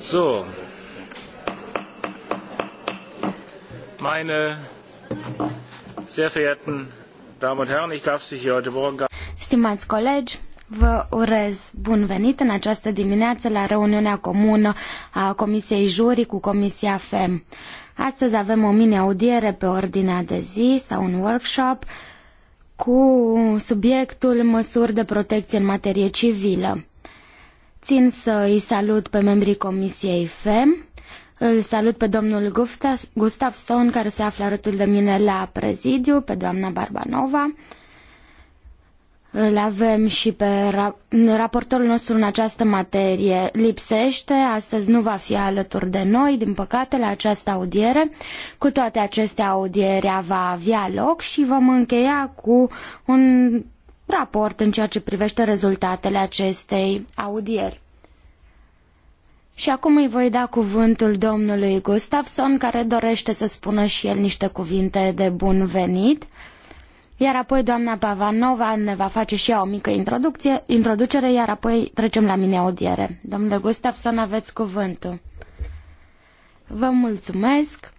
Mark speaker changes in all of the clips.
Speaker 1: So, meine sehr verehrten Damen und Herren, ich darf Sie hier heute Morgen.
Speaker 2: Stimați colegi, vă urez bun venit în această dimineață la reuniunea comună a Comisiei Juri cu Comisia FEM. Astăzi avem o mini-audiere pe ordinea de zi sau un workshop cu subiectul măsuri de protecție în materie civilă. Țin să îi salut pe membrii Comisiei FEM. Îl salut pe domnul Gustafson, care se află alături de mine la prezidiu, pe doamna Barbanova. Îl avem și pe raportorul nostru în această materie. Lipsește, astăzi nu va fi alături de noi, din păcate, la această audiere. Cu toate acestea, audierea va avea loc și vom încheia cu un raport în ceea ce privește rezultatele acestei audieri. Și acum îi voi da cuvântul domnului Gustafsson, care dorește să spună și el niște cuvinte de bun venit. Iar apoi doamna Pavanova ne va face și ea o mică introducție, introducere, iar apoi trecem la mine audiere. Domnule Gustafsson, aveți cuvântul. Vă mulțumesc.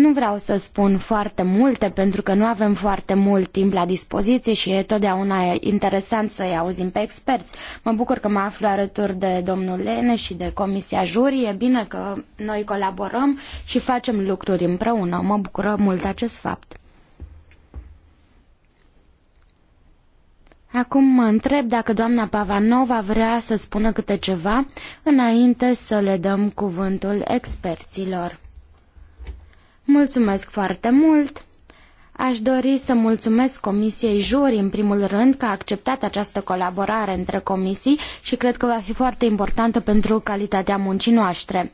Speaker 2: Nu vreau să spun foarte multe pentru că nu avem foarte mult timp la dispoziție și e totdeauna interesant să-i auzim pe experți. Mă bucur că mă aflu alături de domnul Lene și de Comisia Jurii. E bine că noi colaborăm și facem lucruri împreună. Mă bucură mult acest fapt. Acum mă întreb dacă doamna Pavanova vrea să spună câte ceva înainte să le dăm cuvântul experților. Mulțumesc foarte mult! Aș dori să mulțumesc Comisiei Juri, în primul rând, că a acceptat această colaborare între comisii și cred că va fi foarte importantă pentru calitatea muncii noastre.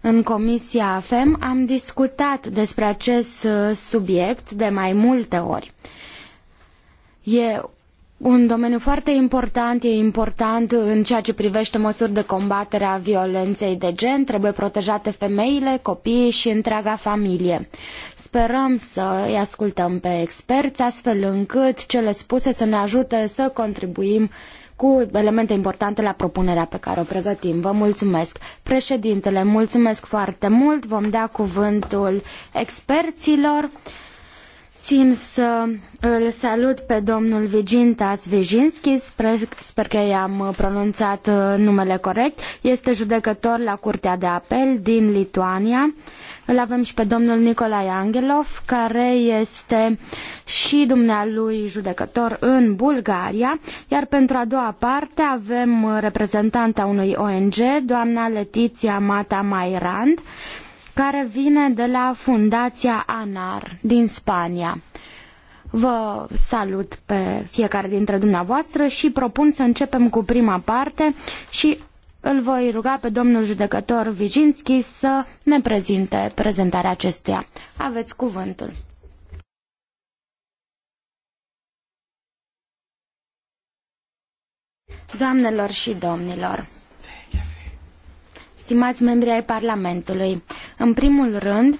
Speaker 2: În Comisia AFEM am discutat despre acest uh, subiect de mai multe ori. E un domeniu foarte important, e important în ceea ce privește măsuri de combatere a violenței de gen, trebuie protejate femeile, copiii și întreaga familie. Sperăm să îi ascultăm pe experți, astfel încât cele spuse să ne ajute să contribuim cu elemente importante la propunerea pe care o pregătim. Vă mulțumesc. Președintele, mulțumesc foarte mult. Vom da cuvântul experților. Țin să îl salut pe domnul Vigintas Vijinski, sper, sper că i-am pronunțat uh, numele corect. Este judecător la Curtea de Apel din Lituania. Îl avem și pe domnul Nicolae Angelov, care este și dumnealui judecător în Bulgaria. Iar pentru a doua parte avem reprezentanta unui ONG, doamna Letiția Mata Mairand. Uh, care vine de la Fundația ANAR din Spania. Vă salut pe fiecare dintre dumneavoastră și propun să începem cu prima parte și îl voi ruga pe domnul judecător Viginski să ne prezinte prezentarea acestuia. Aveți cuvântul. Doamnelor și domnilor, stimați membri ai Parlamentului. În primul rând,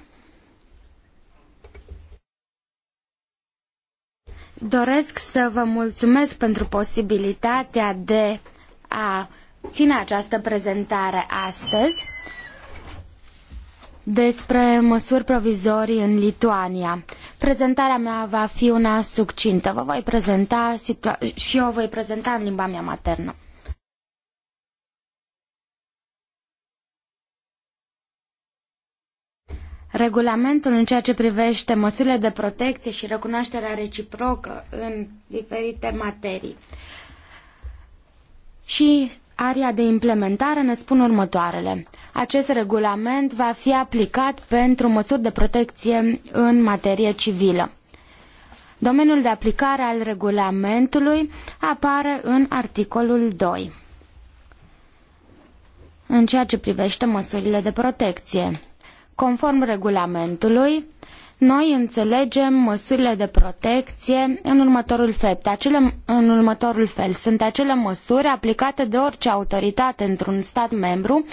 Speaker 2: doresc să vă mulțumesc pentru posibilitatea de a ține această prezentare astăzi despre măsuri provizorii în Lituania. Prezentarea mea va fi una succintă. Vă voi prezenta situa- și eu o voi prezenta în limba mea maternă. Regulamentul în ceea ce privește măsurile de protecție și recunoașterea reciprocă în diferite materii. Și aria de implementare ne spun următoarele. Acest regulament va fi aplicat pentru măsuri de protecție în materie civilă. Domeniul de aplicare al regulamentului apare în articolul 2 în ceea ce privește măsurile de protecție. Conform regulamentului, noi înțelegem măsurile de protecție în următorul, fel, acele, în următorul fel. Sunt acele măsuri aplicate de orice autoritate într-un stat membru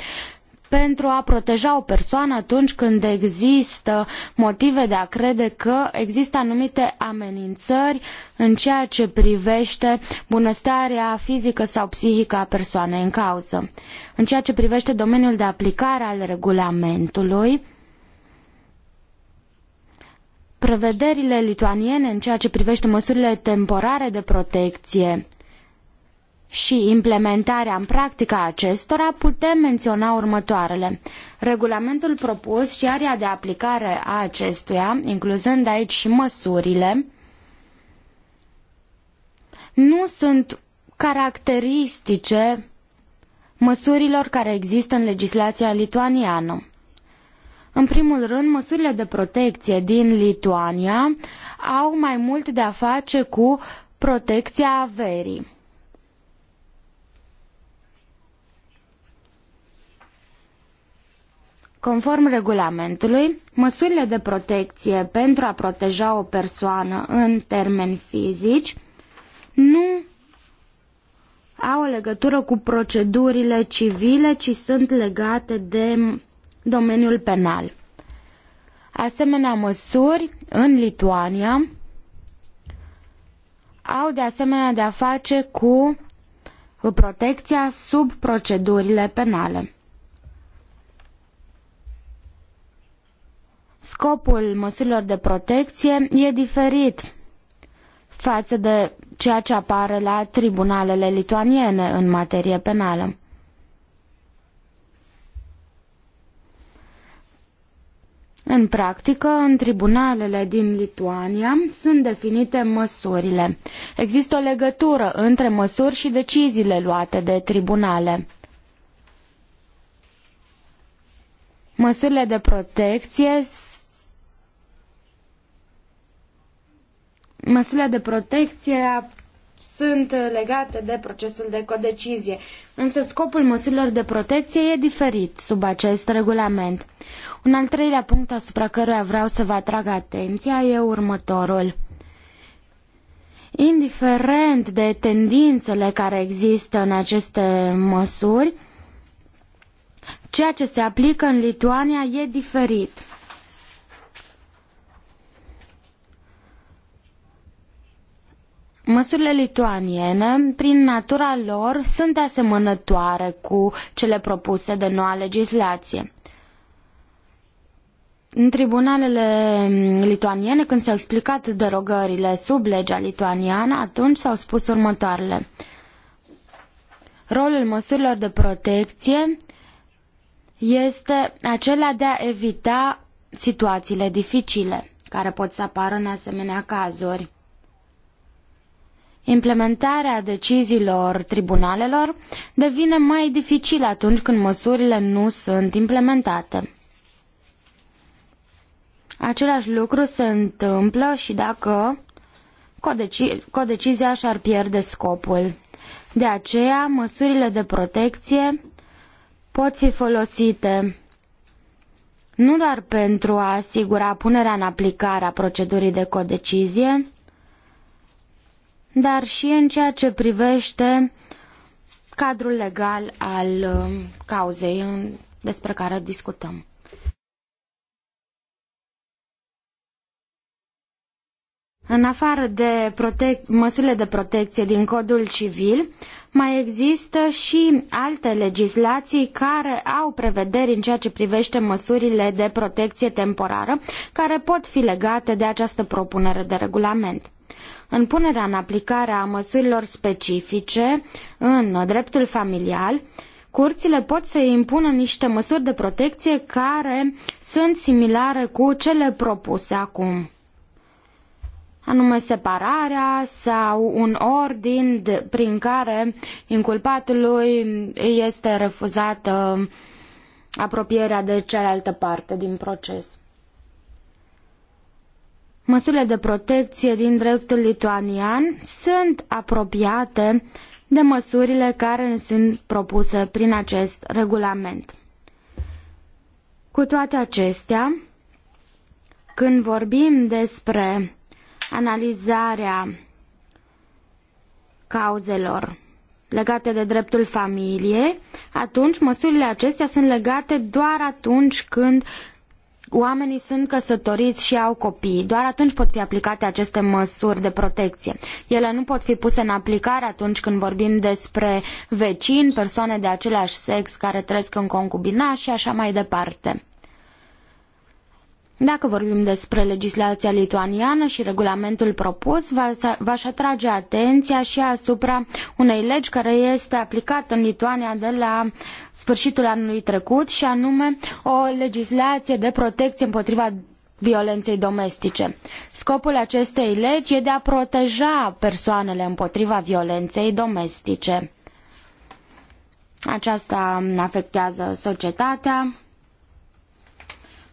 Speaker 2: pentru a proteja o persoană atunci când există motive de a crede că există anumite amenințări în ceea ce privește bunăstarea fizică sau psihică a persoanei în cauză. În ceea ce privește domeniul de aplicare al regulamentului, prevederile lituaniene în ceea ce privește măsurile temporare de protecție și implementarea în practică a acestora, putem menționa următoarele. Regulamentul propus și area de aplicare a acestuia, incluzând aici și măsurile, nu sunt caracteristice măsurilor care există în legislația lituaniană. În primul rând, măsurile de protecție din Lituania au mai mult de a face cu protecția averii. Conform regulamentului, măsurile de protecție pentru a proteja o persoană în termeni fizici nu au o legătură cu procedurile civile, ci sunt legate de domeniul penal. Asemenea măsuri în Lituania au de asemenea de a face cu protecția sub procedurile penale. Scopul măsurilor de protecție e diferit față de ceea ce apare la tribunalele lituaniene în materie penală. În practică, în tribunalele din Lituania sunt definite măsurile. Există o legătură între măsuri și deciziile luate de tribunale. Măsurile de protecție Măsurile de protecție a sunt uh, legate de procesul de codecizie, însă scopul măsurilor de protecție e diferit sub acest regulament. Un al treilea punct asupra căruia vreau să vă atrag atenția e următorul. Indiferent de tendințele care există în aceste măsuri, ceea ce se aplică în Lituania e diferit. Măsurile lituaniene, prin natura lor, sunt asemănătoare cu cele propuse de noua legislație. În tribunalele lituaniene, când s-au explicat derogările sub legea lituaniană, atunci s-au spus următoarele. Rolul măsurilor de protecție este acela de a evita situațiile dificile care pot să apară în asemenea cazuri. Implementarea deciziilor tribunalelor devine mai dificilă atunci când măsurile nu sunt implementate. Același lucru se întâmplă și dacă codecizia și-ar pierde scopul. De aceea, măsurile de protecție pot fi folosite nu doar pentru a asigura punerea în aplicare a procedurii de codecizie, dar și în ceea ce privește cadrul legal al um, cauzei um, despre care discutăm. În afară de măsurile de protecție din codul civil, mai există și alte legislații care au prevederi în ceea ce privește măsurile de protecție temporară, care pot fi legate de această propunere de regulament. În punerea în aplicare a măsurilor specifice în dreptul familial, curțile pot să impună niște măsuri de protecție care sunt similare cu cele propuse acum anume separarea sau un ordin de, prin care inculpatului îi este refuzată apropierea de cealaltă parte din proces. Măsurile de protecție din dreptul lituanian sunt apropiate de măsurile care ne sunt propuse prin acest regulament. Cu toate acestea, când vorbim despre analizarea cauzelor legate de dreptul familiei, atunci măsurile acestea sunt legate doar atunci când oamenii sunt căsătoriți și au copii. Doar atunci pot fi aplicate aceste măsuri de protecție. Ele nu pot fi puse în aplicare atunci când vorbim despre vecini, persoane de același sex care trăiesc în concubina și așa mai departe. Dacă vorbim despre legislația lituaniană și regulamentul propus, v-aș atrage atenția și asupra unei legi care este aplicată în Lituania de la sfârșitul anului trecut și anume o legislație de protecție împotriva violenței domestice. Scopul acestei legi e de a proteja persoanele împotriva violenței domestice. Aceasta afectează societatea,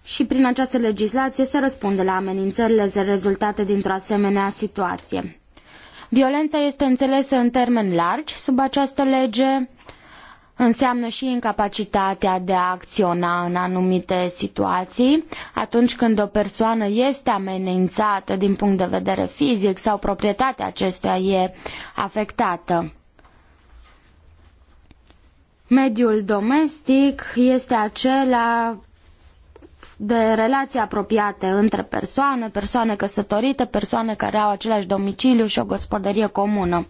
Speaker 2: și prin această legislație se răspunde la amenințările rezultate dintr-o asemenea situație. Violența este înțelesă în termen largi sub această lege, înseamnă și incapacitatea de a acționa în anumite situații, atunci când o persoană este amenințată din punct de vedere fizic sau proprietatea acestuia e afectată. Mediul domestic este acela de relații apropiate între persoane, persoane căsătorite, persoane care au același domiciliu și o gospodărie comună.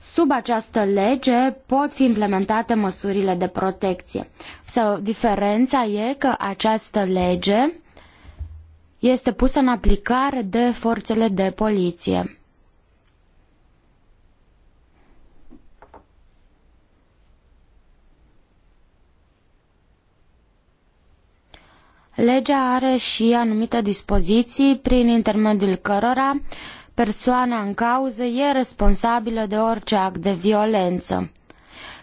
Speaker 2: Sub această lege pot fi implementate măsurile de protecție. So, diferența e că această lege este pusă în aplicare de forțele de poliție. Legea are și anumite dispoziții prin intermediul cărora persoana în cauză e responsabilă de orice act de violență.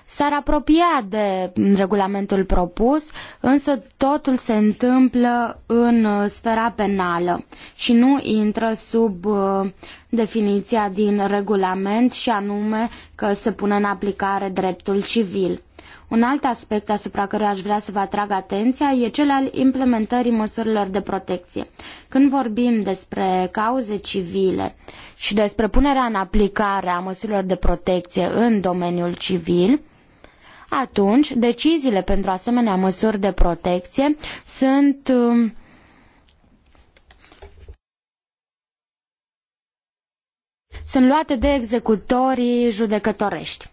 Speaker 2: S-ar apropia de regulamentul propus, însă totul se întâmplă în uh, sfera penală și nu intră sub uh, definiția din regulament și anume că se pune în aplicare dreptul civil. Un alt aspect asupra căruia aș vrea să vă atrag atenția e cel al implementării măsurilor de protecție. Când vorbim despre cauze civile și despre punerea în aplicare a măsurilor de protecție în domeniul civil, atunci deciziile pentru asemenea măsuri de protecție sunt um, sunt luate de executorii judecătorești.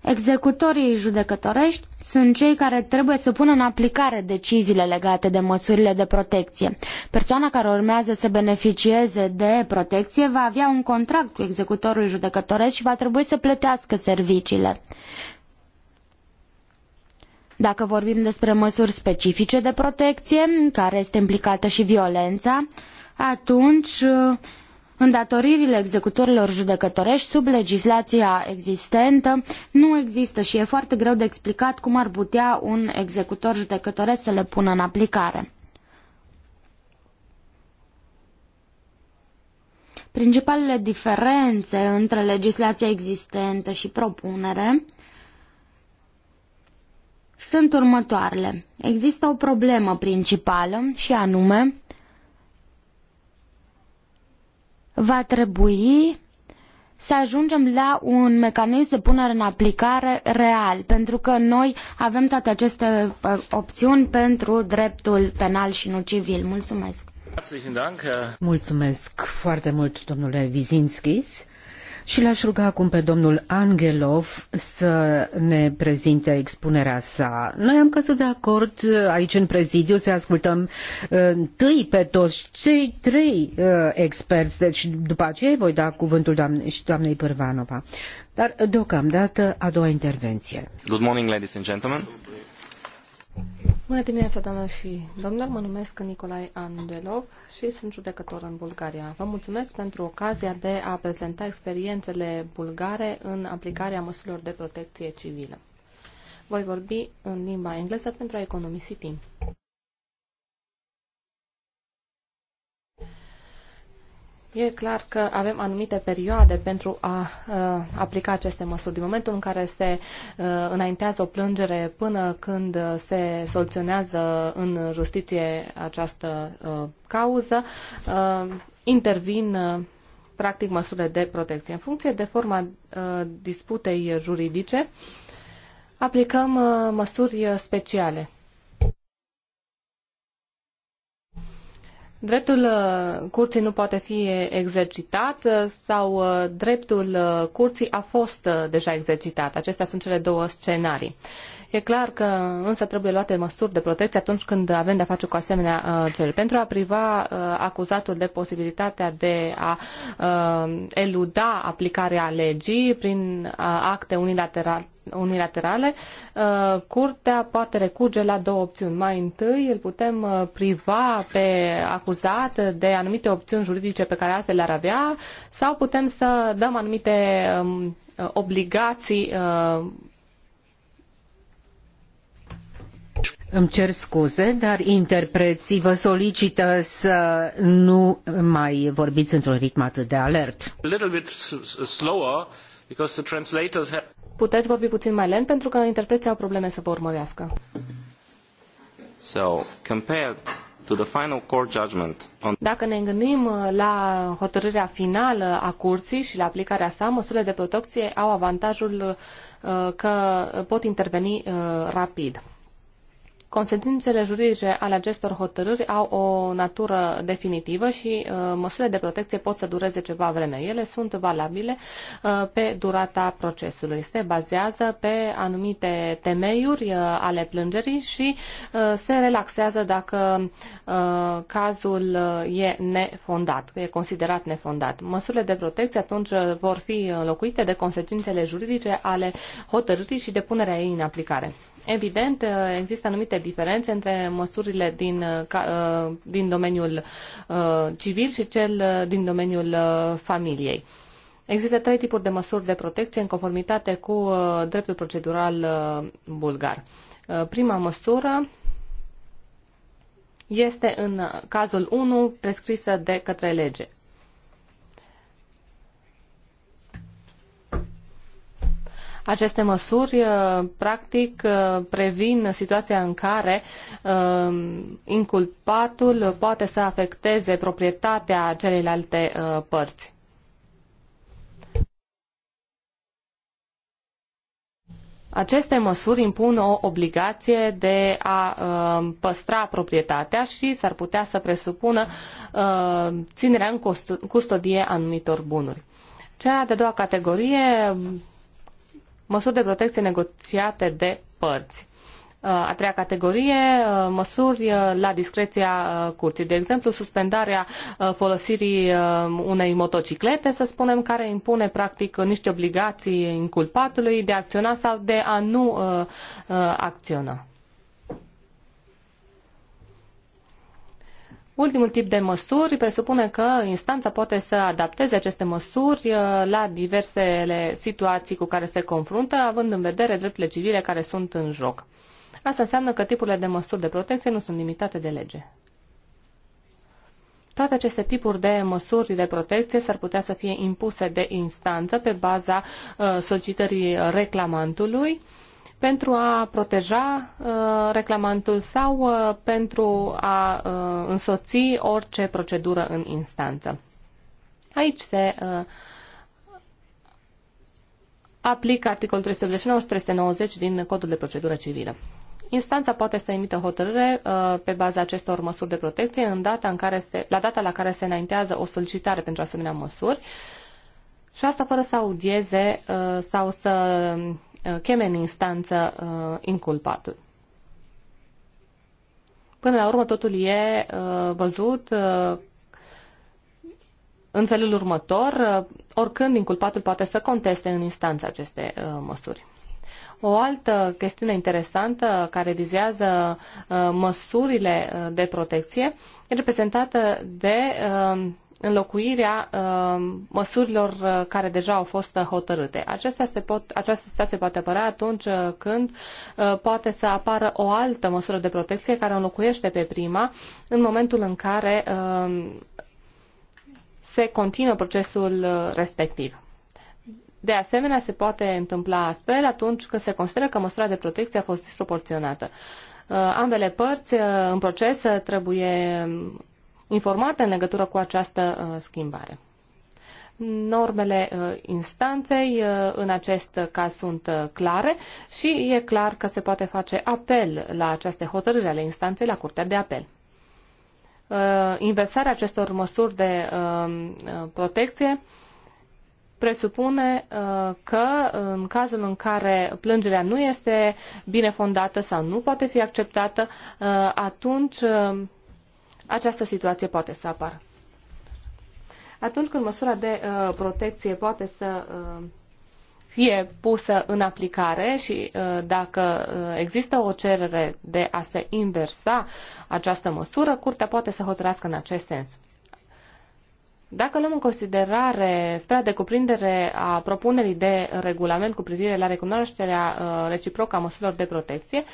Speaker 2: Executorii judecătorești sunt cei care trebuie să pună în aplicare deciziile legate de măsurile de protecție. Persoana care urmează să beneficieze de protecție va avea un contract cu executorul judecătoresc și va trebui să plătească serviciile. Dacă vorbim despre măsuri specifice de protecție, în care este implicată și violența, atunci Îndatoririle executorilor judecătorești sub legislația existentă nu există și e foarte greu de explicat cum ar putea un executor judecătoresc să le pună în aplicare. Principalele diferențe între legislația existentă și propunere sunt următoarele. Există o problemă principală și anume va trebui să ajungem la un mecanism de punere în aplicare real, pentru că noi avem toate aceste uh, opțiuni pentru dreptul penal și nu civil. Mulțumesc!
Speaker 3: Mulțumesc foarte mult, domnule Vizinskis. Și l-aș ruga acum pe domnul Angelov să ne prezinte expunerea sa. Noi am căzut de acord uh, aici în prezidiu să ascultăm uh, întâi pe toți cei trei uh, experți, deci după aceea voi da cuvântul doamne, și doamnei Pârvanova. Dar deocamdată a doua intervenție.
Speaker 2: Good morning, ladies and gentlemen.
Speaker 1: Bună dimineața, doamnă și domnilor! Mă numesc Nicolae Andelov și sunt judecător în Bulgaria. Vă mulțumesc pentru ocazia de a prezenta experiențele bulgare în aplicarea măsurilor de protecție civilă. Voi vorbi în limba engleză pentru a economisi timp. E clar că avem anumite perioade pentru a uh, aplica aceste măsuri. Din momentul în care se uh, înaintează o plângere până când se soluționează în justiție această uh, cauză, uh, intervin uh, practic măsurile de protecție. În funcție de forma uh, disputei juridice, aplicăm uh, măsuri speciale. Dreptul uh, curții nu poate fi exercitat uh, sau uh, dreptul curții a fost deja exercitat. Acestea sunt cele două scenarii. E clar că însă trebuie luate măsuri de protecție atunci când avem de-a face cu asemenea uh, cel. Pentru a priva uh, acuzatul de posibilitatea de a uh, eluda aplicarea legii prin acte unilaterale unilaterale, uh, curtea poate recurge la două opțiuni. Mai întâi îl putem uh, priva pe acuzat de anumite opțiuni juridice pe care altfel le-ar avea sau putem să dăm anumite um, obligații uh,
Speaker 3: Îmi cer scuze, dar interpreții vă solicită să nu mai vorbiți într-un ritm atât de alert
Speaker 1: puteți vorbi puțin mai lent pentru că interpreții au probleme să vă urmărească. So, compared to the final court judgment on... Dacă ne gândim uh, la hotărârea finală a curții și la aplicarea sa, măsurile de protecție au avantajul uh, că pot interveni uh, rapid. Consecințele juridice ale acestor hotărâri au o natură definitivă și uh, măsurile de protecție pot să dureze ceva vreme. Ele sunt valabile uh, pe durata procesului. Se bazează pe anumite temeiuri uh, ale plângerii și uh, se relaxează dacă uh, cazul uh, e nefondat, e considerat nefondat. Măsurile de protecție atunci uh, vor fi înlocuite de consecințele juridice ale hotărârii și depunerea ei în aplicare. Evident, uh, există anumite diferențe între măsurile din, uh, uh, din domeniul civil și cel din domeniul familiei. Există trei tipuri de măsuri de protecție în conformitate cu dreptul procedural bulgar. Prima măsură este în cazul 1 prescrisă de către lege. Aceste măsuri, uh, practic, uh, previn situația în care uh, inculpatul poate să afecteze proprietatea celelalte părți. Aceste măsuri impun o obligație de a păstra proprietatea și s-ar putea să presupună ținerea în custodie anumitor bunuri. Cea de-a doua categorie, măsuri de protecție negociate de părți. Uh, a treia categorie, uh, măsuri uh, la discreția curții. De exemplu, suspendarea folosirii unei motociclete, să spunem, care impune practic niște obligații inculpatului de a acționa sau de a nu acționa. Ultimul tip de măsuri presupune că instanța poate să adapteze aceste măsuri uh, la diversele situații cu care se confruntă, având în vedere drepturile civile care sunt în joc. Asta înseamnă că tipurile de măsuri de protecție nu sunt limitate de lege. Toate aceste tipuri de măsuri de protecție s-ar putea să fie impuse de instanță pe baza uh, solicitării reclamantului, pentru a proteja uh, reclamantul sau uh, pentru a uh, însoți orice procedură în instanță. Aici se aplică articolul 389 și 390 din Codul de Procedură Civilă. Instanța poate să emită hotărâre pe baza acestor măsuri de protecție în data în care se, la data la care se înaintează o solicitare pentru asemenea măsuri și asta fără să audieze sau să Eh, cheme în instanță eh, inculpatul. Până la urmă, totul e eh, văzut în felul următor, oricând inculpatul poate să conteste în instanță aceste măsuri. O altă chestiune interesantă care vizează măsurile de protecție e reprezentată de înlocuirea uh, măsurilor uh, care deja au fost uh, hotărâte. Acestea se pot, această situație poate apărea atunci când poate să apară o altă măsură de protecție care înlocuiește pe prima în momentul în care se continuă procesul respectiv. De asemenea, se poate întâmpla astfel atunci când se consideră că măsura de protecție a fost disproporționată ambele părți în proces trebuie informate în legătură cu această uh, schimbare. Normele uh, instanței uh, în acest caz sunt clare și e clar că se poate face apel la aceste hotărâri ale instanței la Curtea de Apel inversarea acestor măsuri de um, protecție presupune că în cazul în care plângerea nu este bine fondată sau nu poate fi acceptată, atunci această situație poate să apară. Atunci când măsura de uh, protecție poate să uh, fie pusă în aplicare și uh, dacă uh, există o cerere de a se inversa această măsură, curtea poate să hotărască în acest sens. Dacă luăm în considerare spre de cuprindere a propunerii de regulament cu privire la recunoașterea uh, reciprocă a măsurilor de protecție,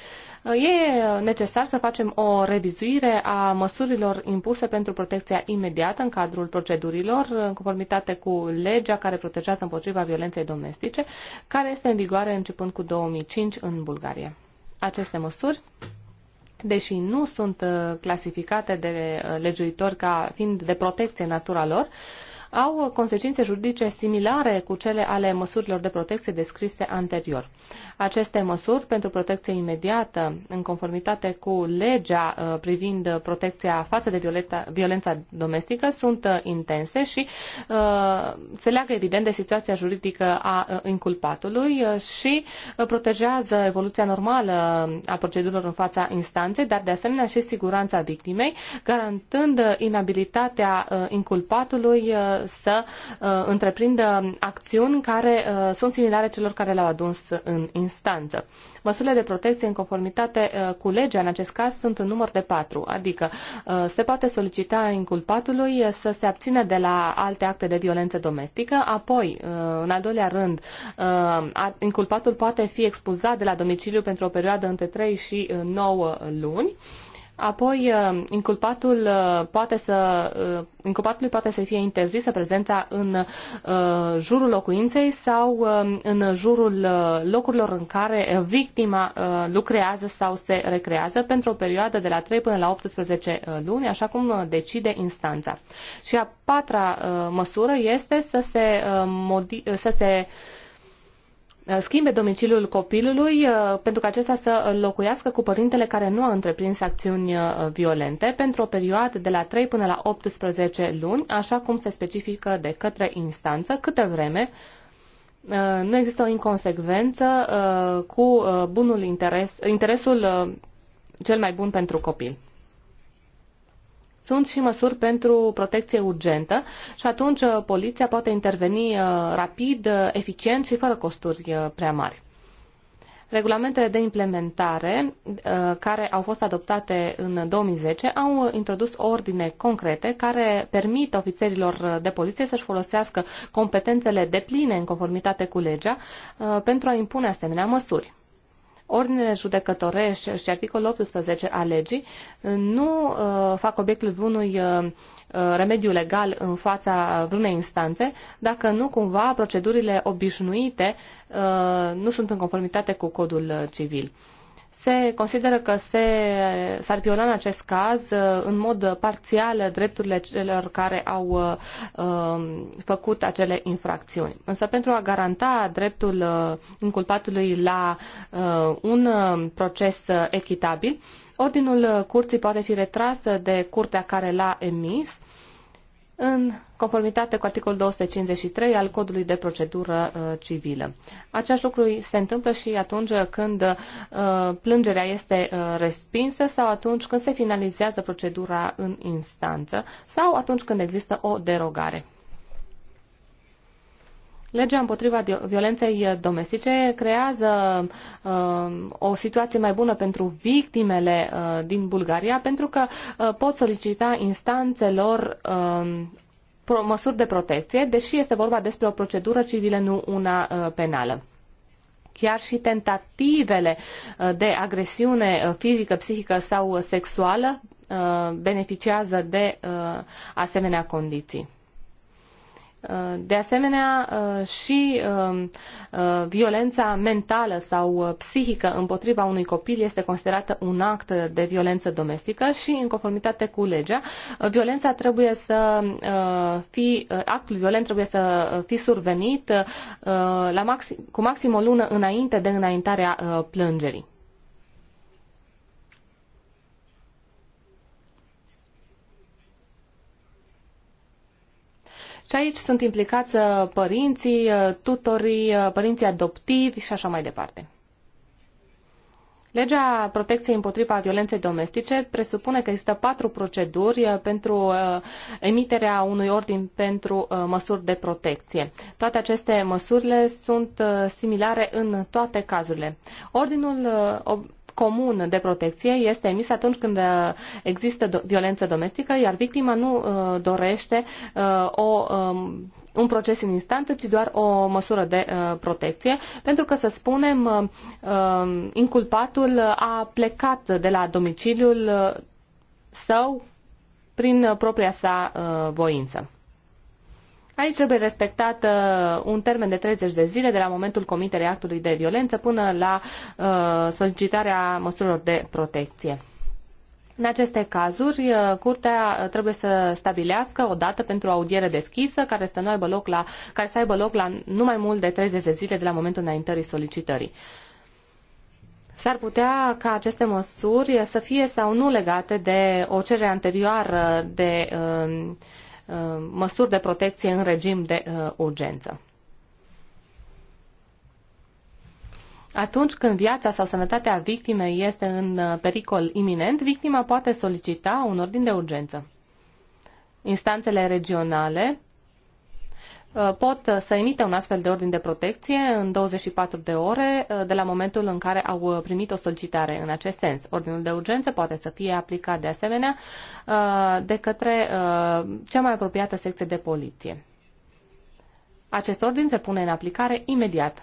Speaker 1: e necesar să facem o revizuire a măsurilor impuse pentru protecția imediată în cadrul procedurilor, în conformitate cu legea care protejează împotriva violenței domestice, care este în vigoare începând cu 2005 în Bulgaria. Aceste măsuri deși nu sunt uh, clasificate de uh, legiuitori ca fiind de protecție natura lor, au consecințe juridice similare cu cele ale măsurilor de protecție descrise anterior. Aceste măsuri pentru protecție imediată, în conformitate cu legea uh, privind protecția față de violeta, violența domestică, sunt uh, intense și uh, se leagă evident de situația juridică a inculpatului și protejează evoluția normală a procedurilor în fața instanței, dar de asemenea și siguranța victimei, garantând inabilitatea inculpatului să întreprindă acțiuni care sunt similare celor care le-au adus în instanță instanță. Măsurile de protecție în conformitate uh, cu legea în acest caz sunt în număr de patru, adică uh, se poate solicita inculpatului uh, să se abțină de la alte acte de violență domestică, apoi, în al doilea rând, inculpatul poate fi expulzat de la domiciliu pentru o perioadă între 3 și 9 luni, Apoi, uh, inculpatul uh, poate să, uh, inculpatului poate să fie interzisă prezența în jurul locuinței sau în jurul locurilor în care victima lucrează sau se recrează pentru o perioadă de la 3 până la 18 luni, așa cum decide instanța. Și a patra măsură este să se, modi- să se Uh, schimbe domiciliul copilului uh, pentru că acesta să locuiască cu părintele care nu a întreprins acțiuni uh, violente pentru o perioadă de la 3 până la 18 luni, așa cum se specifică de către instanță, câte vreme nu există o inconsecvență cu bunul interes, interesul cel mai bun pentru copil sunt și măsuri pentru protecție urgentă și atunci uh, poliția poate interveni uh, rapid, uh, eficient și fără costuri prea mari. Regulamentele de implementare care au fost adoptate în 2010 au introdus ordine concrete care permit ofițerilor de poliție să-și folosească competențele de pline în conformitate cu legea pentru a impune asemenea măsuri ordinele judecătorești și articolul 18 al legii uh, nu uh, fac obiectul unui uh, remediu legal în fața vreunei instanțe dacă nu cumva procedurile obișnuite nu sunt în conformitate cu codul civil se consideră că se, s-ar piona în acest caz uh, în mod parțial drepturile celor care au uh, um, făcut acele infracțiuni. Însă pentru a garanta dreptul uh, inculpatului la un proces echitabil, ordinul curții poate fi retras de curtea care l-a emis în conformitate cu articolul 253 al codului de procedură uh, civilă. Același lucru se întâmplă și atunci când uh, plângerea este uh, respinsă sau atunci când se finalizează procedura în instanță sau atunci când există o derogare. Legea împotriva violenței domestice creează uh, o situație mai bună pentru victimele uh, din Bulgaria pentru că uh, pot solicita instanțelor uh, măsuri de protecție, deși este vorba despre o procedură civilă, nu una uh, penală chiar și tentativele uh, de agresiune uh, fizică, psihică sau sexuală uh, beneficiază de asemenea condiții. Uh, de asemenea, uh, și um, uh, violența mentală sau psihică împotriva unui copil este considerată un act de violență domestică și, în conformitate cu legea, violența trebuie să fi, actul violent trebuie să fi survenit la maxim, cu maxim o lună înainte de înaintarea plângerii. Și aici sunt implicați uh, părinții, uh, tutorii, uh, părinții adoptivi și așa mai departe. Legea protecției împotriva violenței domestice presupune că există patru proceduri pentru emiterea unui ordin pentru măsuri de protecție. Toate aceste măsurile sunt similare în toate cazurile. Ordinul comun de protecție este emis atunci când uh, există violență domestică, iar victima nu uh, dorește uh, o um, un proces în instanță, ci doar o măsură de uh, protecție, pentru că, să spunem, uh, um, inculpatul a plecat de la domiciliul uh, său prin propria sa uh, voință. Aici trebuie respectat uh, un termen de 30 de zile de la momentul comiterii actului de violență până la uh, solicitarea măsurilor de protecție. În aceste cazuri, uh, curtea uh, trebuie să stabilească o dată pentru o audiere deschisă care să, nu aibă loc la, care să aibă loc la nu mai mult de 30 de zile de la momentul înaintării solicitării. S-ar putea ca aceste măsuri să fie sau nu legate de o cerere anterioară de uh, Uh, măsuri de protecție în regim de uh, urgență. Atunci când viața sau sănătatea victimei este în uh, pericol iminent, victima poate solicita un ordin de urgență. Instanțele regionale Uh, pot să emită un astfel de ordin de protecție în 24 de ore uh, de la momentul în care au uh, primit o solicitare în acest sens. Ordinul de urgență poate să fie aplicat de asemenea de către cea mai apropiată secție de poliție. Acest ordin se pune în aplicare imediat.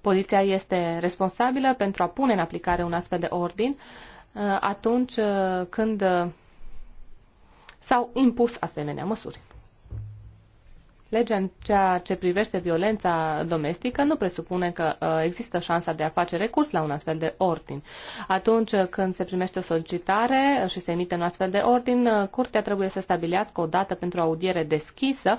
Speaker 1: Poliția este responsabilă pentru a pune în aplicare un astfel de ordin atunci când s-au impus asemenea măsuri. Legea în ceea ce privește violența domestică nu presupune că uh, există șansa de a face recurs la un astfel de ordin. Atunci când se primește o solicitare și se emite un astfel de ordin, uh, curtea trebuie să stabilească o dată pentru audiere deschisă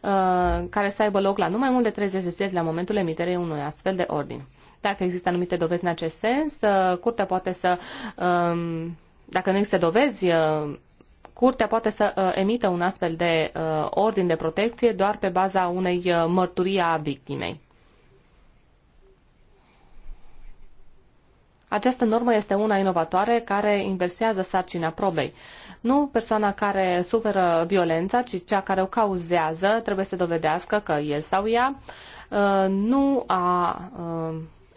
Speaker 1: uh, care să aibă loc la numai mult de 30 de zile de la momentul emiterei unui astfel de ordin. Dacă există anumite dovezi în acest sens, curtea poate să um, dacă nu există dovezi Curtea poate să uh, emită un astfel de uh, ordin de protecție doar pe baza unei uh, mărturii a victimei. Această normă este una inovatoare care inversează sarcina probei. Nu persoana care suferă violența, ci cea care o cauzează trebuie să dovedească că el sau ea nu a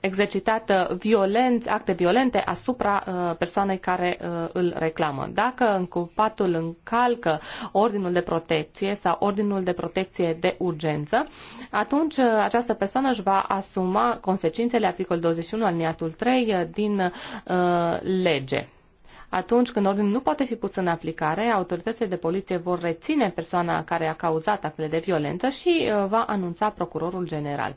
Speaker 1: exercitată uh, violenți, acte violente asupra uh, persoanei care uh, îl reclamă. Dacă înculpatul încalcă ordinul de protecție sau ordinul de protecție de urgență, atunci această persoană își va asuma consecințele articolul 21 aliniatul 3 din uh, lege. Atunci când ordinul nu poate fi pus în aplicare, autoritățile de poliție vor reține persoana care a cauzat actele de violență și uh, va anunța procurorul general.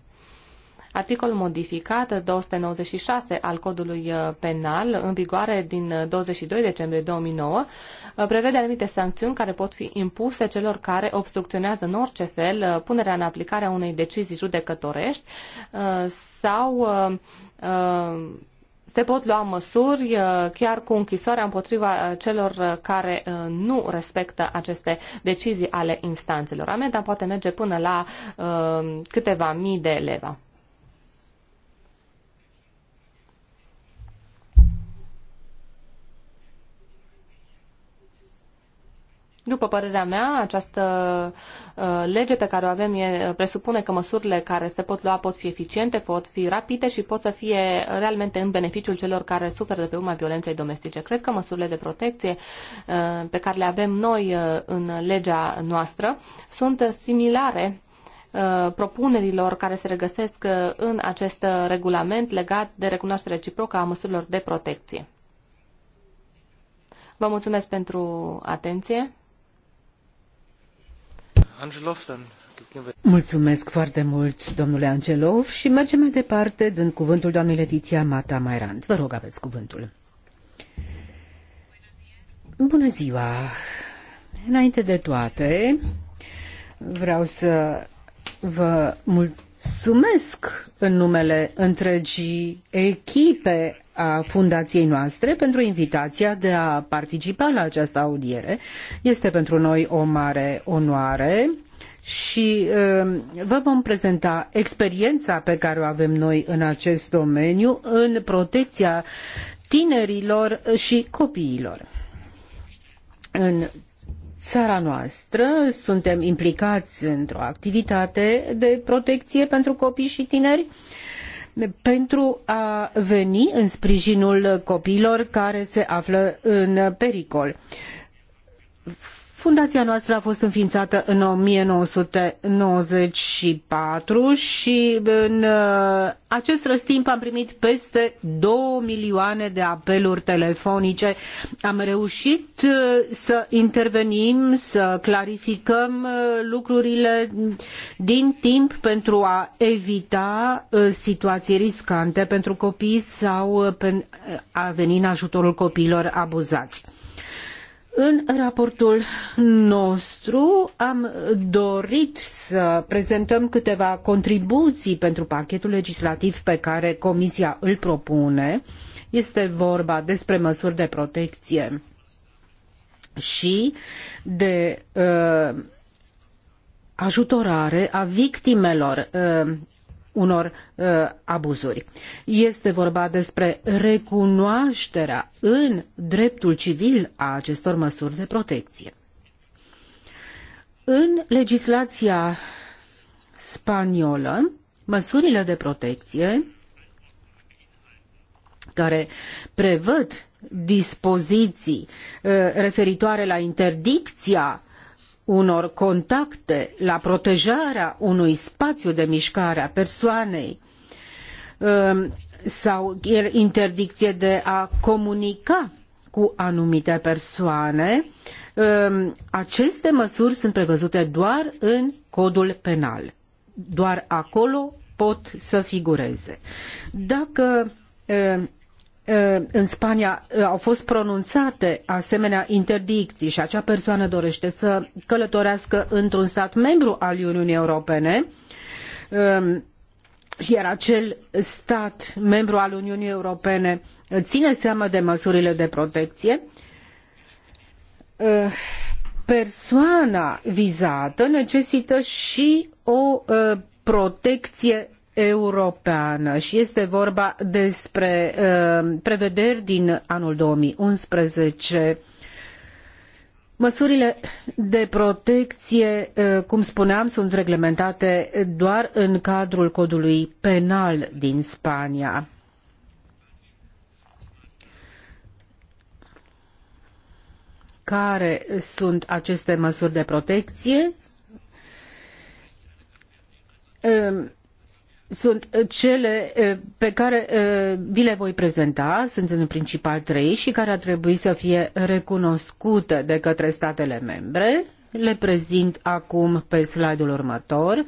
Speaker 1: Articolul modificat 296 al codului uh, penal, în vigoare din 22 uh, decembrie 2009, uh, prevede anumite sancțiuni care pot fi impuse celor care obstrucționează în orice fel punerea în aplicare a unei decizii judecătorești sau se pot lua măsuri chiar cu închisoarea împotriva celor care nu respectă aceste decizii ale instanțelor. Amenda poate merge până la câteva mii de leva. După părerea mea, această ă, lege pe care o avem e, presupune că măsurile care se pot lua pot fi eficiente, pot fi rapide și pot să fie realmente în beneficiul celor care suferă de pe urma violenței domestice. Cred că măsurile de protecție ă, pe care le avem noi ă, în legea noastră sunt similare propunerilor care se regăsesc în acest regulament legat de recunoaștere reciprocă a măsurilor de protecție. Vă mulțumesc pentru atenție.
Speaker 3: Angelov, dann Mulțumesc foarte mult, domnule Angelov, și mergem mai departe, dând cuvântul doamnei Letiția Mata Mairand. Vă rog, aveți cuvântul. Bună ziua! Înainte de toate, vreau să vă mulțumesc în numele întregii echipe a fundației noastre pentru invitația de a participa la această audiere. Este pentru noi o mare onoare și um, vă vom prezenta experiența pe care o avem noi în acest domeniu în protecția tinerilor și copiilor. În țara noastră suntem implicați într-o activitate de protecție pentru copii și tineri uh, pentru a veni în sprijinul copiilor care se află în pericol Fundația noastră a fost înființată în 1994 și în uh, acest răstimp am primit peste 2 milioane de apeluri telefonice. Am reușit uh, să intervenim, să clarificăm uh, lucrurile din timp pentru a evita situații riscante pentru copii sau a veni în ajutorul copiilor abuzați. În raportul nostru am dorit să prezentăm câteva contribuții pentru pachetul legislativ pe care Comisia îl propune. Este vorba despre măsuri de protecție și de uh, ajutorare a victimelor uh, unor uh, abuzuri. Este vorba despre recunoașterea în dreptul civil a acestor măsuri de protecție. În legislația spaniolă, măsurile de protecție care prevăd dispoziții uh, referitoare la interdicția unor contacte, la protejarea unui spațiu de mișcare a persoanei um, sau interdicție de a comunica cu anumite persoane, um, aceste măsuri sunt prevăzute doar în codul penal. Doar acolo pot să figureze. Dacă um, Eh, în Spania eh, au fost pronunțate asemenea interdicții și acea persoană dorește să călătorească într-un stat membru al Uniunii Europene, eh, iar acel stat membru al Uniunii Europene ține seama de măsurile de protecție, persoana vizată necesită și o protecție europeană și este vorba despre uh, prevederi din anul unsprezece Măsurile de protecție, uh, cum spuneam, sunt reglementate doar în cadrul codului penal din Spania. Care sunt aceste măsuri de protecție? Uh, sunt uh, cele uh, pe care uh, vi le voi prezenta, sunt în principal trei și care ar trebui să fie recunoscute de către statele membre. Le prezint acum pe slide-ul următor.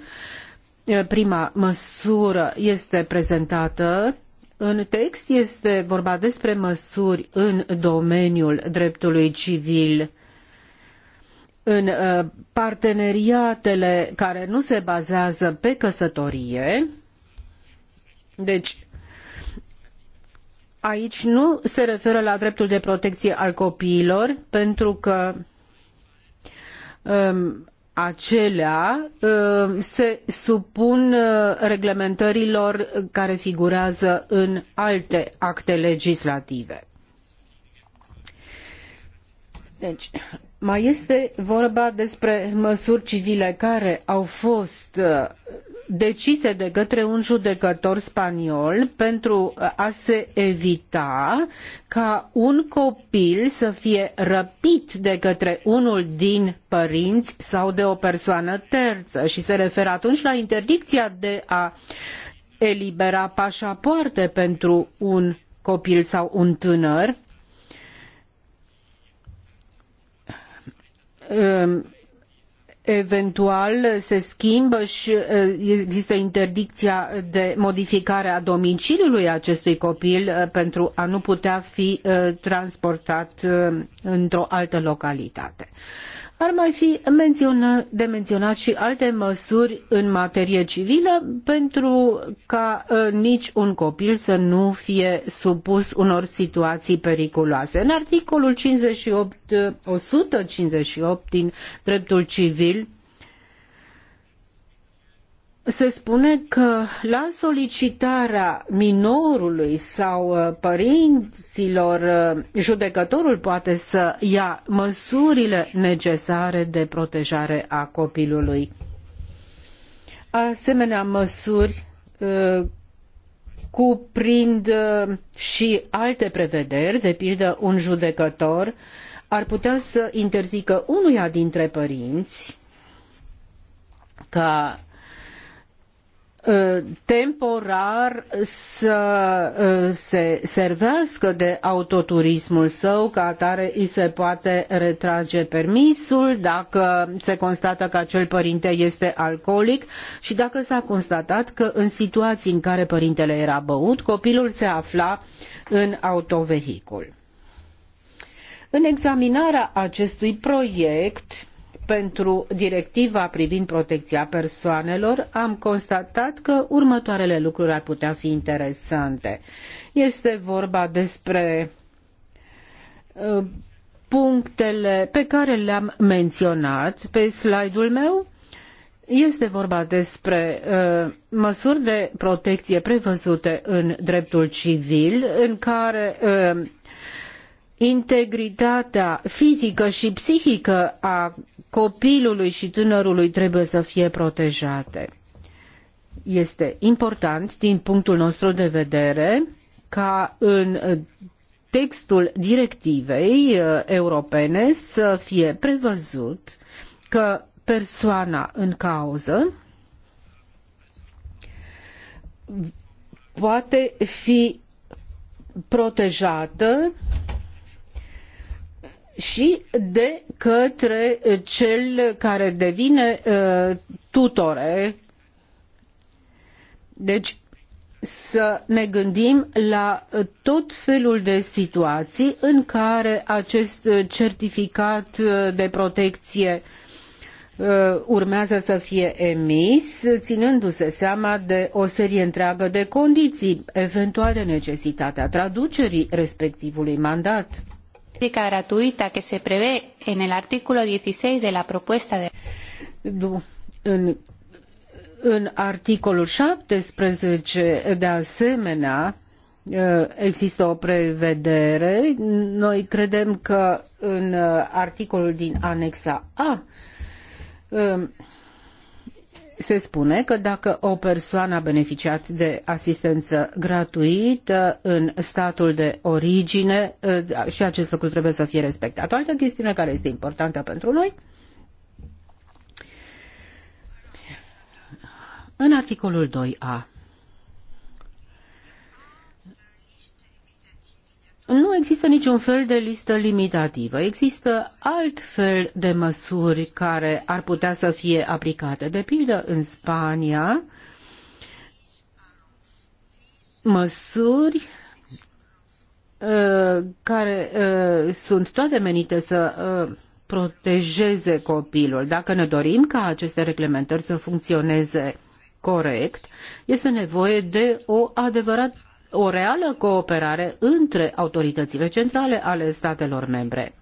Speaker 3: Prima măsură este prezentată în text, este vorba despre măsuri în domeniul dreptului civil în parteneriatele care nu se bazează pe căsătorie, deci, aici nu se referă la dreptul de protecție al copiilor, pentru că um, acelea um, se supun uh, reglementărilor care figurează în alte acte legislative. Deci, mai este vorba despre măsuri civile care au fost uh, decise de către un judecător spaniol pentru a se evita ca un copil să fie răpit de către unul din părinți sau de o persoană terță și se referă atunci la interdicția de a elibera pașapoarte pentru un copil sau un tânăr. Ehm, eventual se schimbă și eh, există interdicția de modificare a domiciliului acestui copil eh, pentru a nu putea fi eh, transportat într-o altă localitate. Ar mai fi menționat, de menționat și alte măsuri în materie civilă pentru ca uh, nici un copil să nu fie supus unor situații periculoase. În articolul 58, 158 ă, din dreptul civil se spune că la solicitarea minorului sau uh, părinților, uh, judecătorul poate să ia măsurile necesare de protejare a copilului. Asemenea măsuri uh, cuprind și alte prevederi, de pildă un judecător ar putea să interzică unuia dintre părinți ca Uh, temporar să uh, se servească de autoturismul său, ca atare îi se poate retrage permisul dacă se constată că acel părinte este alcoolic și dacă s-a constatat că în situații în care părintele era băut, copilul se afla în autovehicul. În examinarea acestui proiect, pentru directiva privind protecția persoanelor, am constatat că următoarele lucruri ar putea fi interesante. Este vorba despre uh, punctele pe care le-am menționat pe slide-ul meu. Este vorba despre uh, măsuri de protecție prevăzute în dreptul civil, în care uh, integritatea fizică și psihică a copilului și tânărului trebuie să fie protejate. Este important, din punctul nostru de vedere, ca în textul directivei uh, europene să fie prevăzut că persoana în cauză poate fi protejată și de către cel care devine uh, tutore. Deci să ne gândim la tot felul de situații în care acest certificat de protecție uh, urmează să fie emis, ținându-se seama de o serie întreagă de condiții, eventuale necesitatea traducerii respectivului mandat
Speaker 1: gratuita que se prevé en el artículo 16 de la propuesta de în,
Speaker 3: în articolul 17 de asemenea ă, există o prevedere. Noi credem că în ă, articolul din anexa A ă, se spune că dacă o persoană a beneficiat de asistență gratuită în statul de origine eh, și acest lucru trebuie să fie respectat. O altă chestiune care este importantă pentru noi în articolul 2a Nu există niciun fel de listă limitativă. Există alt fel de măsuri care ar putea să fie aplicate. De pildă, în Spania, măsuri uh, care uh, sunt toate menite să uh, protejeze copilul. Dacă ne dorim ca aceste reglementări să funcționeze corect, este nevoie de o adevărat o reală cooperare între autoritățile centrale ale statelor membre.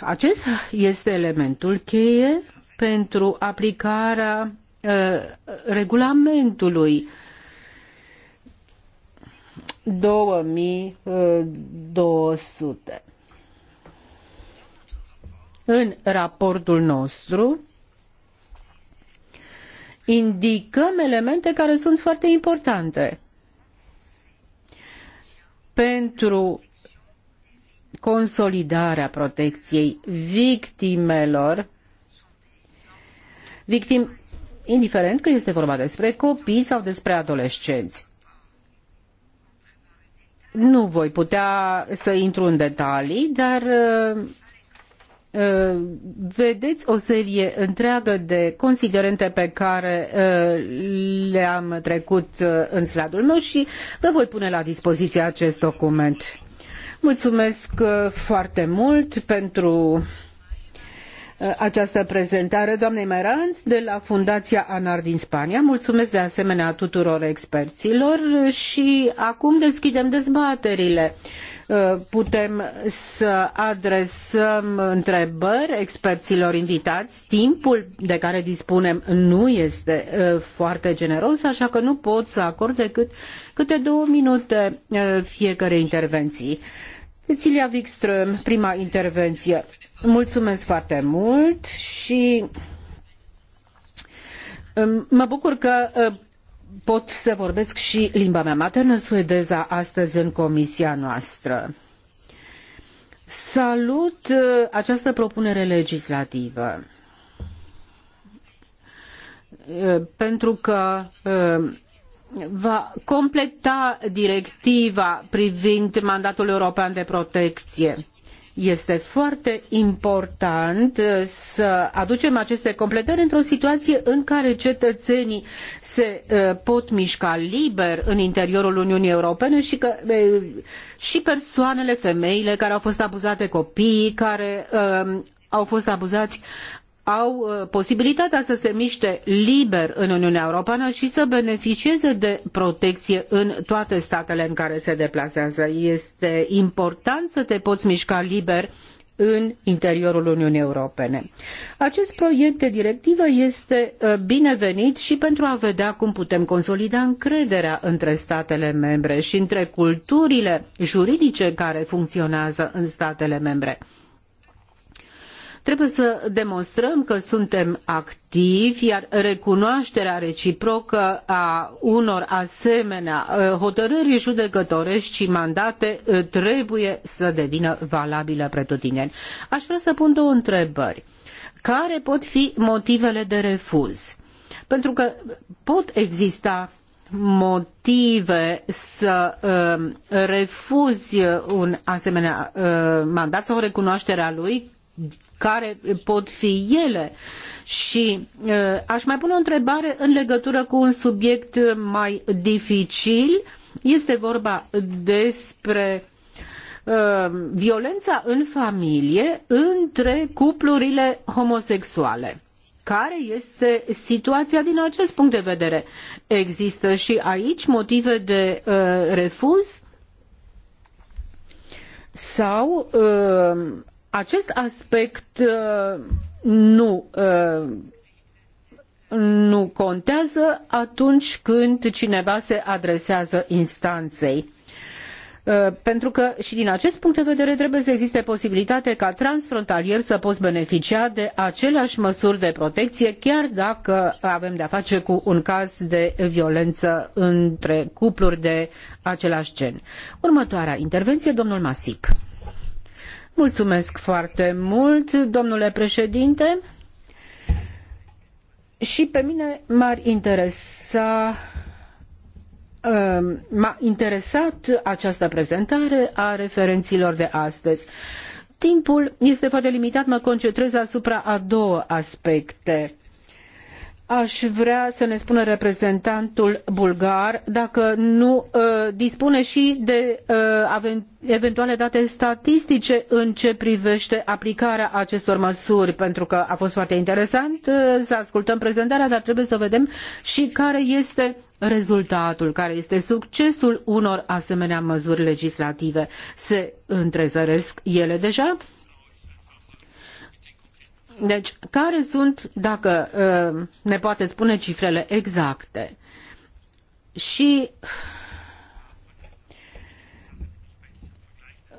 Speaker 3: Acesta este elementul cheie pentru aplicarea regulamentului 2200. În raportul nostru indicăm elemente care sunt foarte importante pentru consolidarea protecției victimelor, victim, indiferent că este vorba despre copii sau despre adolescenți. Nu voi putea să intru în detalii, dar Uh, vedeți o serie întreagă de considerente pe care uh, le-am trecut uh, în sladul meu și vă voi pune la dispoziție acest document. Mulțumesc foarte mult pentru Uh, această prezentare doamnei Merant de la Fundația ANAR din Spania. Mulțumesc de asemenea tuturor experților și acum deschidem dezbaterile. Uh, putem să adresăm întrebări experților invitați. Timpul de care dispunem nu este uh, foarte generos, așa că nu pot să acord decât câte două minute fiecare intervenții. Cecilia Wikström, prima intervenție. Mulțumesc foarte mult și um, mă bucur că uh, pot să vorbesc și limba mea maternă suedeza astăzi în comisia noastră. Salut uh, această propunere legislativă uh, pentru că va completa directiva privind mandatul european de protecție este foarte important uh, să aducem aceste completări într-o situație în care cetățenii se uh, pot mișca liber în interiorul Uniunii Europene și că uh, și persoanele, femeile care au fost abuzate, copiii care au fost abuzați au uh, posibilitatea să se miște liber în Uniunea Europeană și să beneficieze de protecție în toate statele în care se deplasează. Este important să te poți mișca liber în interiorul Uniunii Europene. Acest proiect de directivă este uh, binevenit și pentru a vedea cum putem consolida încrederea între statele membre și între culturile juridice care funcționează în statele membre. Trebuie să demonstrăm că suntem activi, iar recunoașterea reciprocă a unor asemenea uh, hotărâri judecătorești și mandate uh, trebuie să devină valabilă pretutindeni. Aș vrea să pun două întrebări. Care pot fi motivele de refuz? Pentru că pot exista motive să uh, refuzi un asemenea uh, mandat sau recunoașterea lui care pot fi ele. Și aș mai pune o întrebare în legătură cu un subiect mai dificil. Este vorba despre violența în familie între cuplurile homosexuale. Care este situația din acest punct de vedere? Există și aici motive de uh, refuz? Sau uh, acest aspect uh, uh, nu contează atunci când cineva se adresează instanței uh, pentru că și din acest punct de vedere trebuie să existe posibilitatea ca transfrontalier să poți beneficia de aceleai măsuri de protecție chiar dacă avem de-a face cu un caz de violență între cupluri de același gen. Următoarea intervenție, domnul Masip. Mulțumesc foarte mult, domnule președinte. Și pe mine m-ar interesa um, m-a interesat această prezentare a referenților de astăzi. Timpul este foarte limitat, mă concentrez asupra a două aspecte aș vrea să ne spună reprezentantul bulgar dacă nu uh, dispune și de uh, eventuale date statistice în ce privește aplicarea acestor măsuri, pentru că a fost foarte interesant uh, să ascultăm prezentarea, dar trebuie să vedem și care este rezultatul, care este succesul unor asemenea măsuri legislative. Se întrezăresc ele deja? Deci, care sunt, dacă uh, ne poate spune cifrele exacte? Și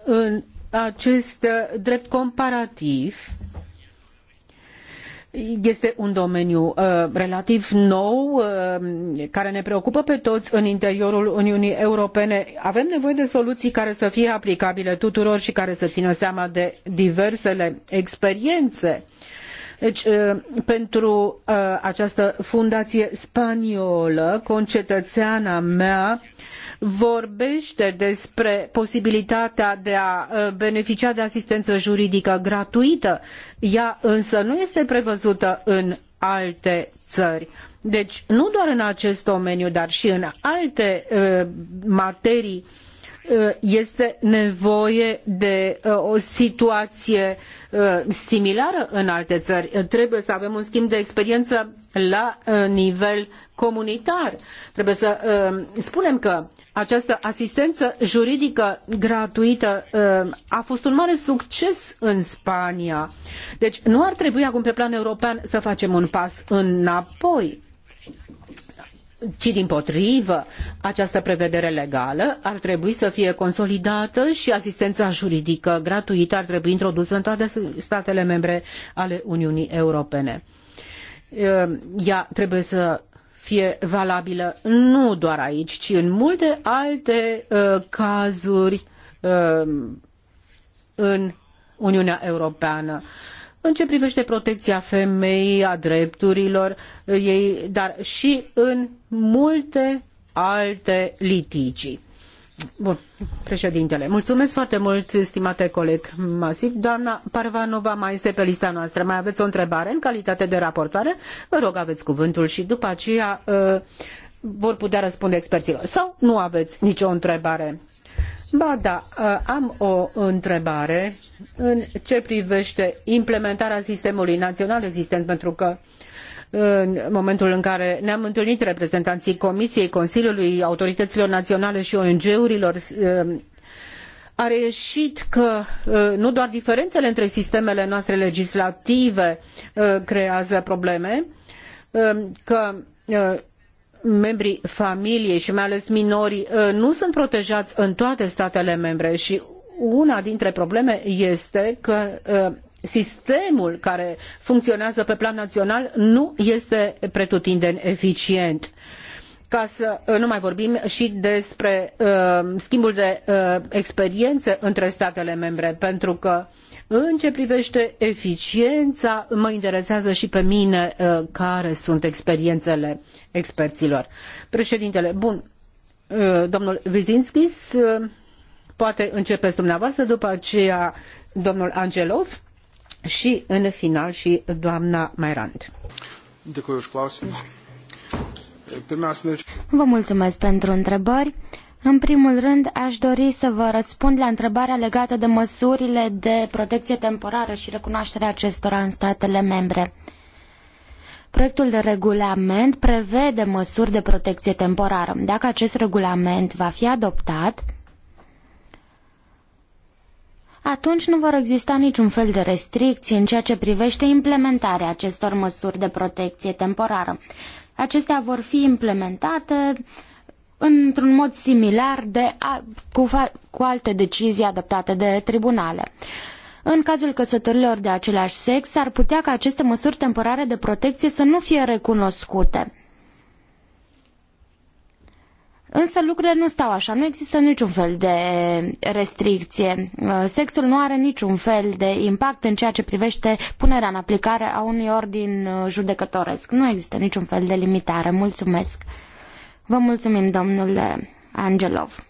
Speaker 3: în acest drept comparativ, este un domeniu uh, relativ nou uh, care ne preocupă pe toți în interiorul Uniunii Europene. Avem nevoie de soluții care să fie aplicabile tuturor și care să țină seama de diversele experiențe. Deci, uh, pentru această fundație spaniolă, concetățeana mea vorbete despre posibilitatea de a uh, beneficia de asistenă juridică gratuită, ea însă nu este prevăzută în alte țări. Deci, nu doar în acest domeniu, dar și în alte uh, materii uh, Eh, este nevoie de eh, o situație eh, similară în alte țări. Trebuie să avem un schimb de experiență la nivel comunitar. Trebuie să spunem că această asistență juridică gratuită a fost un mare succes în Spania. Deci nu ar trebui acum pe plan european să facem un pas înapoi ci din această prevedere legală ar trebui să fie consolidată și asistența juridică gratuită ar trebui introdusă în toate statele membre ale Uniunii Europene. Ea trebuie să fie valabilă nu doar aici, ci în multe alte uh, cazuri uh, în Uniunea Europeană. Uh, în ce privete protecția femeii, a drepturilor ei, dar și în multe alte litigii. Bun, președintele, mulțumesc foarte mult, stimate coleg masiv. Doamna Parvanova mai este pe lista noastră. Mai aveți o întrebare în calitate de raportoare? Vă rog, aveți cuvântul și după aceea uh, vor putea răspunde experților. Sau nu aveți nicio întrebare? Ba da, ă, am o întrebare în ce privește implementarea sistemului național existent, pentru că în momentul în care ne-am întâlnit reprezentanții Comisiei, Consiliului, autorităților naționale și ONG-urilor, ă, a reieșit că ă, nu doar diferențele între sistemele noastre legislative creează probleme, că membrii familiei și mai ales minorii uh, nu sunt protejați în toate statele membre și una dintre probleme este că uh, sistemul care funcționează pe plan național nu este pretutindeni eficient ca să uh, nu mai vorbim și despre uh, schimbul de uh, experiențe între statele membre, pentru că în ce privește eficiența, mă interesează și pe mine uh, care sunt experiențele experților. Președintele, bun, uh, domnul Vizinskis, uh, poate începeți dumneavoastră, după aceea domnul Angelov
Speaker 2: și în final și doamna Mairand.
Speaker 3: Dăcuiuși, Clausius.
Speaker 2: Vă mulțumesc pentru întrebări. În primul rând, aș dori să vă răspund la întrebarea legată de măsurile de protecție temporară și recunoașterea acestora în statele membre. Proiectul de regulament prevede măsuri de protecție temporară. Dacă acest regulament va fi adoptat, atunci nu vor exista niciun fel de restricții în ceea ce privește implementarea acestor măsuri de protecție temporară. Acestea vor fi implementate într-un mod similar de a, cu, cu alte decizii adoptate de tribunale. În cazul căsătorilor de același sex, ar putea ca aceste măsuri temporare de protecție să nu fie recunoscute Însă lucrurile nu stau așa, nu există niciun fel de restricție. Uh, sexul nu are niciun fel de impact în ceea ce privește punerea în aplicare a unui ordin uh, judecătoresc. Nu există niciun fel de limitare. Mulțumesc. Vă mulțumim, domnule Angelov.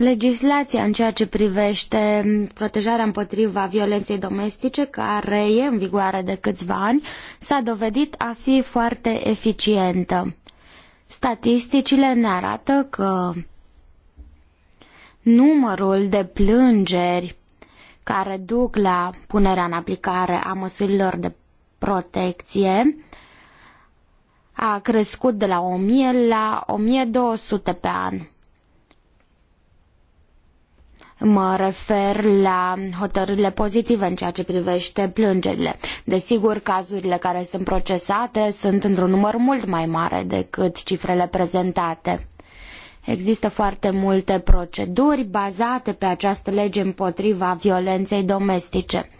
Speaker 2: Legislația în ceea ce privește protejarea împotriva violenței domestice, care e în vigoare de câțiva ani, s-a dovedit a fi foarte eficientă. Statisticile ne arată că numărul de plângeri care duc la punerea în aplicare a măsurilor de protecție a crescut de la 1000 la 1200 pe an. Mă refer la hotărârile pozitive în ceea ce privește plângerile. Desigur, cazurile care sunt procesate sunt într-un număr mult mai mare decât cifrele prezentate. Există foarte multe proceduri bazate pe această lege împotriva violenței domestice.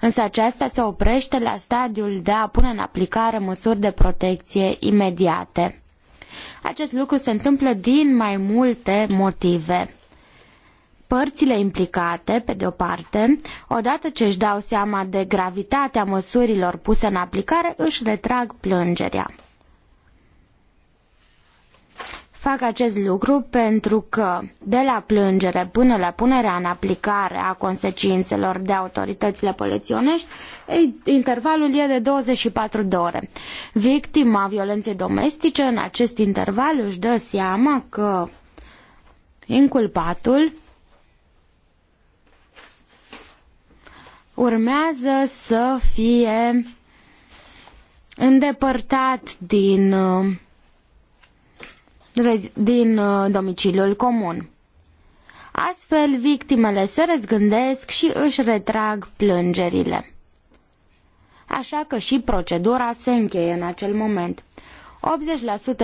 Speaker 2: Însă aceasta se oprește la stadiul de a pune în aplicare măsuri de protecție imediate. Acest lucru se întâmplă din mai multe motive. Părțile implicate, pe de o parte, odată ce își dau seama de gravitatea măsurilor puse în aplicare, își retrag plângerea. Fac acest lucru pentru că, de la plângere până la punerea în aplicare a consecințelor de autoritățile poliționești, intervalul e de 24 de ore. Victima violenței domestice în acest interval își dă seama că inculpatul urmează să fie îndepărtat din, uh, din uh, domiciliul comun. Astfel, victimele se răzgândesc și își retrag plângerile. Așa că și procedura se încheie în acel moment.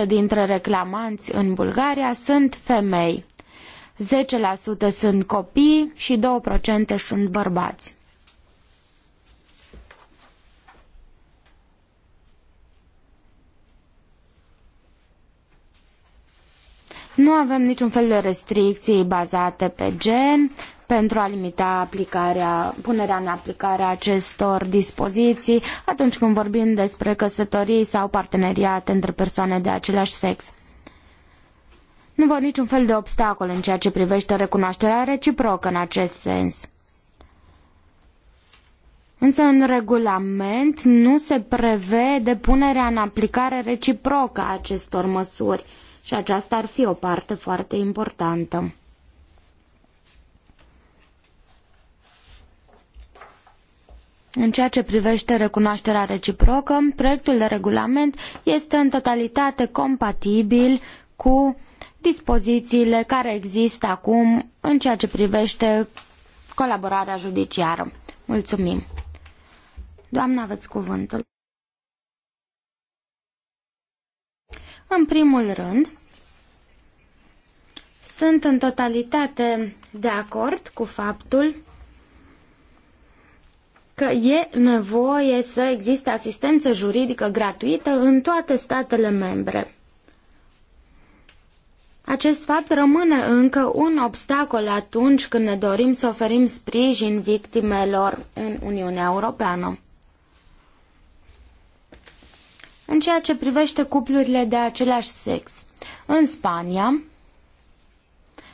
Speaker 2: 80% dintre reclamanți în Bulgaria sunt femei, 10% sunt copii și 2% sunt bărbați. Nu avem niciun fel de restricții bazate pe gen pentru a limita aplicarea, punerea în aplicare a acestor dispoziții atunci când vorbim despre căsătorii sau parteneriate între persoane de același sex. Nu văd niciun fel de obstacol în ceea ce privește recunoașterea reciprocă în acest sens. Însă în regulament nu se prevede punerea în aplicare reciprocă a acestor măsuri și aceasta ar fi o parte foarte importantă. În ceea ce privește recunoașterea reciprocă, proiectul de regulament este în totalitate compatibil cu dispozițiile care există acum în ceea ce privește colaborarea judiciară. Mulțumim! Doamna, aveți cuvântul. În primul rând, sunt în totalitate de acord cu faptul că e nevoie să existe asistență juridică gratuită în toate statele membre. Acest fapt rămâne încă un obstacol atunci când ne dorim să oferim sprijin victimelor în Uniunea Europeană în ceea ce privește cuplurile de același sex. În Spania,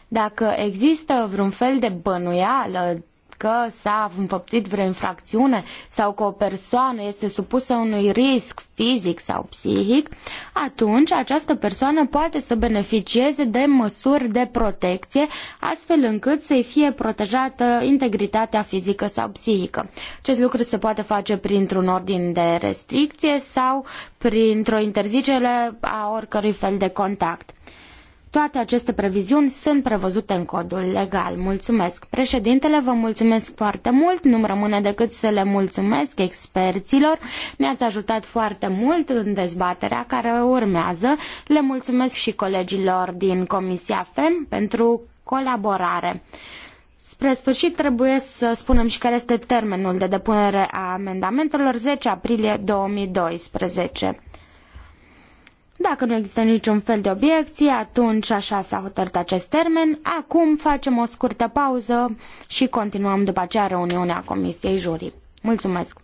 Speaker 2: dacă există vreun fel de bănuială că s-a înfăptuit vreo infracțiune sau că o persoană este supusă unui risc fizic sau psihic, atunci această persoană poate să beneficieze de măsuri de protecție, astfel încât să-i fie protejată integritatea fizică sau psihică. Acest lucru se poate face printr-un ordin de restricție sau printr-o interzicere a oricărui fel de contact. Toate aceste previziuni sunt prevăzute în codul legal. Mulțumesc. Președintele, vă mulțumesc foarte mult. Nu-mi rămâne decât să le mulțumesc experților. Ne-ați ajutat foarte mult în dezbaterea care urmează. Le mulțumesc și colegilor din Comisia FEM pentru colaborare. Spre sfârșit trebuie să spunem și care este termenul de depunere a amendamentelor 10 aprilie 2012. Dacă nu există niciun fel de obiecție, atunci așa s-a hotărât acest termen. Acum facem o scurtă pauză și continuăm după aceea reuniunea Comisiei Jurii. Mulțumesc!